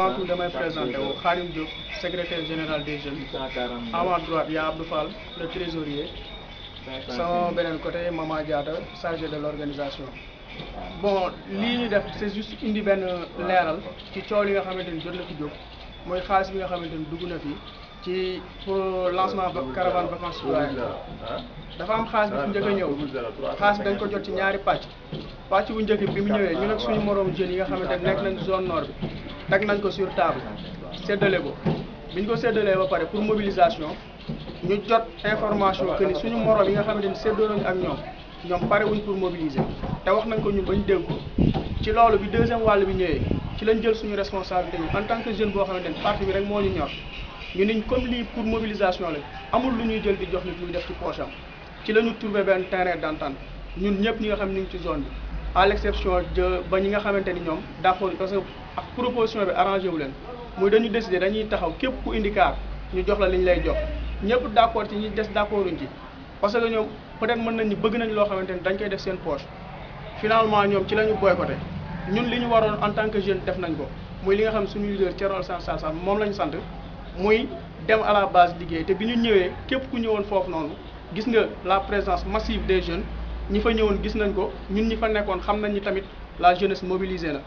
avant tout damay présenté wu Khadim Diop secrétaire général des jeunes à ma droite y a Abdou Fall le trésorier sama beneen côté Mama Diata chargé de l'organisation bon li ñu def c'est juste indi leeral ci coow yi nga xamante ni jot na fi jóg mooy xaalis bi nga xamante ni dugg na fi ci pour lancement caravane vacances citoyennes dafa am xaalis bi fi njëkk ñëw xaalis bi dañ ko jot ci ñaari pàcc pàcc bu njëkk bi mu ñëwee ñu nag suñu moroom jeunes yi nga xamante ne nekk nañ zone nord bi teg nañ ko sur table séddale ko bi ñu ko séddalee ba pare pour mobilisation ñu jot information que ni suñu morom yi nga xamante ni séddoo nañu ak ñoom ñoom pare wuñ pour mobiliser te wax nañ ko ñun bañ dégg ko ci loolu bi deuxième wàll bi ñëwee ci lañ jël suñu responsabilité ñu en tant que jeune boo xamante ni parti bi rek moo ñu ñor ñu niñ comme lii pour mobilisation la amul lu ñuy jël di jox nit muy def ci poche ci la ñu trouvé benn terrain d'entente ñun ñëpp ñi nga xam ñu ngi ci zone bi. à l' exception de ba ñi nga xamante ni ñoom d' accord parce que ak proposition bi arrangé wu leen muy dañu décider dañuy taxaw képp ku indi ñu jox la li ñu lay jox ñëpp d' accord ci ñi des d' accorduñ ci parce que ñoom peut être mën nañ ni bëgg nañ loo xamante ni dañ koy def seen poche finalement ñoom ci la ñu boycotté ñun li ñu waroon en tant que jeune def nañ ko muy li nga xam suñu leader Thierno Sall Sall moom la sant muy dem à la base liggéey te bi ñu ñëwee képp ku ñëwoon foofu noonu gis nga la présence massive des jeunes ñi fa ñëwoon gis nañ ko ñun ñi fa nekkoon xam nañ ni tamit la jeunes mobilisée na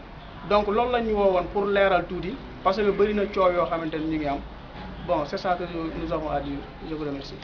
donc loolu la woo woon pour leeral tuuti parce que bëri na coow yoo xamante ni ñu ngi am bon c'est ça que nous avons à dire je vous remercie